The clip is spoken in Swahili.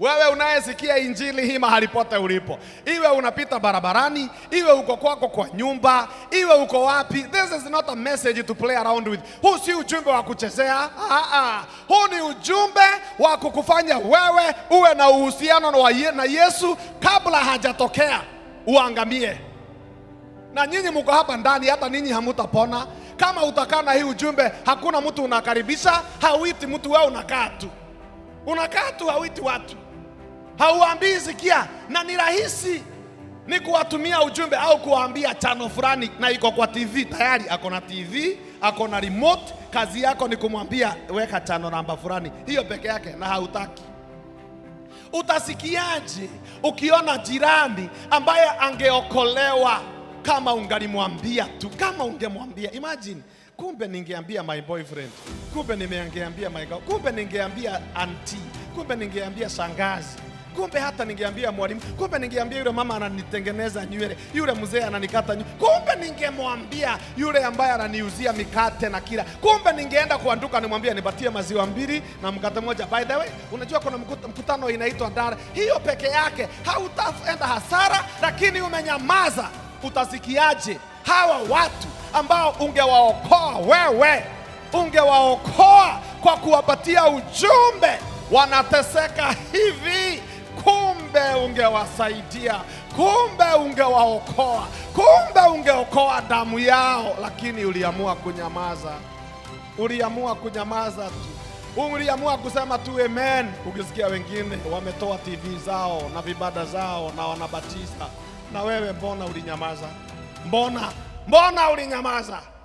Wewe unayesikia injili hii mahali pote ulipo, iwe unapita barabarani, iwe uko kwako kwa nyumba, iwe uko wapi, this is not a message to play around with. Huu si ujumbe wa kuchezea. Ah, huu ni ujumbe wa kukufanya wewe uwe na uhusiano na Yesu kabla hajatokea uangamie. Na nyinyi mko hapa ndani, hata ninyi hamutapona kama utakaa na hii ujumbe. Hakuna mtu unakaribisha, hauiti mtu, wewe unakaa tu, unakaa tu, hauiti watu hauambii zikia na ni rahisi ni kuwatumia ujumbe au kuwaambia chano fulani, na iko kwa TV tayari, ako na TV, ako na remote. Kazi yako ni kumwambia weka chano namba fulani, hiyo peke yake, na hautaki. Utasikiaje ukiona jirani ambaye angeokolewa kama ungalimwambia tu, kama ungemwambia? Imagine, kumbe ningeambia my boyfriend, kumbe nimeangeambia my girl, kumbe ningeambia auntie, kumbe ningeambia shangazi Kumbe hata ningeambia mwalimu, kumbe ningeambia yule mama ananitengeneza nywele, yule mzee ananikata nywele, kumbe ningemwambia yule ambaye ananiuzia mikate na kila, kumbe ningeenda kwa nimwambia nipatie maziwa mbili na mkate mmoja. By the way, unajua kuna mkutano inaitwa dar hiyo peke yake hautaenda hasara, lakini umenyamaza, utasikiaje hawa watu ambao ungewaokoa wewe, ungewaokoa kwa kuwapatia ujumbe, wanateseka hivi kumbe ungewasaidia, kumbe ungewaokoa, kumbe ungeokoa damu yao, lakini uliamua kunyamaza. Uliamua kunyamaza tu, uliamua kusema tu amen, ukisikia wengine wametoa TV zao na vibada zao na wanabatiza, na wewe mbona ulinyamaza? Mbona mbona ulinyamaza?